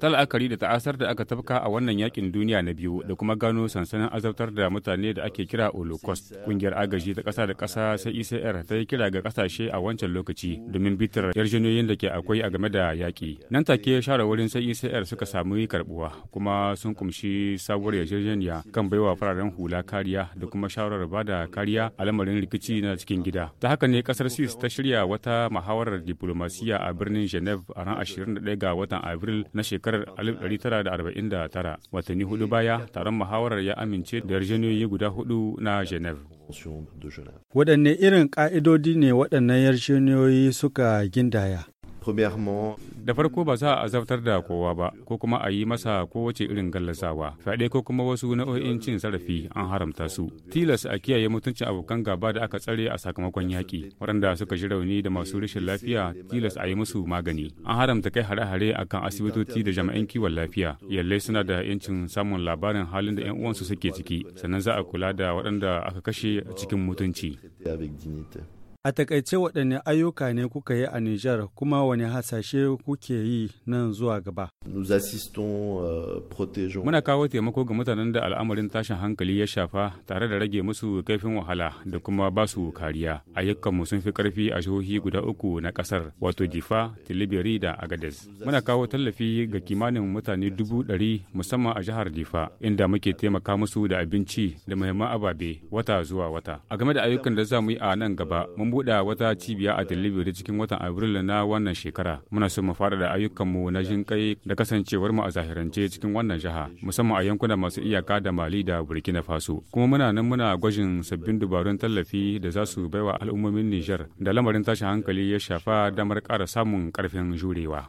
Ta la'akari da ta'asar da aka tafka a wannan yakin duniya na biyu da kuma gano sansanin azabtar da mutane da ake kira Holocaust, kungiyar agaji ta ƙasa da ƙasa sai ICR e ta yi kira ga ƙasashe a wancan lokaci domin bitar yarjinoyin da ke akwai a game da yaƙi. Nan take shawarwarin sai ICR e suka samu karbuwa kuma sun kumshi sabuwar yarjejeniya kan baiwa fararen hula kariya da kuma shawarar ba da kariya a lamarin rikici na cikin gida. Ta haka ne ƙasar Swiss ta shirya wata muhawarar diplomasiya a birnin Geneva a ran 21 ga watan Abril na shekarar 1949 watanni hudu baya taron muhawarar ya amince da yarjejeniyoyi guda hudu na Geneva. Waɗanne irin ƙa'idodi ne waɗannan yarjejeniyoyi suka gindaya? Da farko ba za a azabtar da kowa ba ko kuma a yi masa kowace irin gallazawa. Fyaɗe ko kuma wasu nau'o'in cin zarafi an haramta su. Tilas a kiyaye mutuncin abokan gaba da aka tsare a sakamakon yaƙi. Waɗanda suka ji rauni da masu rashin lafiya tilas a yi musu magani. An haramta kai hare-hare akan asibitoci da jami'an kiwon lafiya. Yalle suna da 'yancin samun labarin halin da 'yan uwansu suke ciki. Sannan za a kula da waɗanda aka kashe cikin mutunci. A takaice waɗanne ayyuka ne kuka yi a Nijar kuma wani hasashe kuke yi nan zuwa gaba? Euh, Muna kawo taimako ga mutanen da al'amarin tashin hankali ya shafa tare da rage musu kaifin wahala da kuma ba su kariya. Ayyukanmu sun fi ƙarfi a jihohi guda uku na ƙasar wato Jifa, Tilibiri da Agadez. Muna kawo tallafi ga kimanin mutane dubu ɗari musamman a jihar Jifa inda muke taimaka musu da abinci da muhimman ababe wata zuwa wata. A game da ayyukan da za mu yi a nan gaba, mun buɗe wata cibiya a Delivery cikin watan Abril na wannan shekara. Muna so mu fara da ayyukanmu na jin kai da kasancewar mu a zahirance cikin wannan jiha, musamman a yankuna masu iyaka da Mali da Burkina Faso. Kuma muna nan muna gwajin sabbin dubarun tallafi da za su baiwa al'ummomin Nijar da lamarin tashin hankali ya shafa damar ƙara samun ƙarfin jurewa.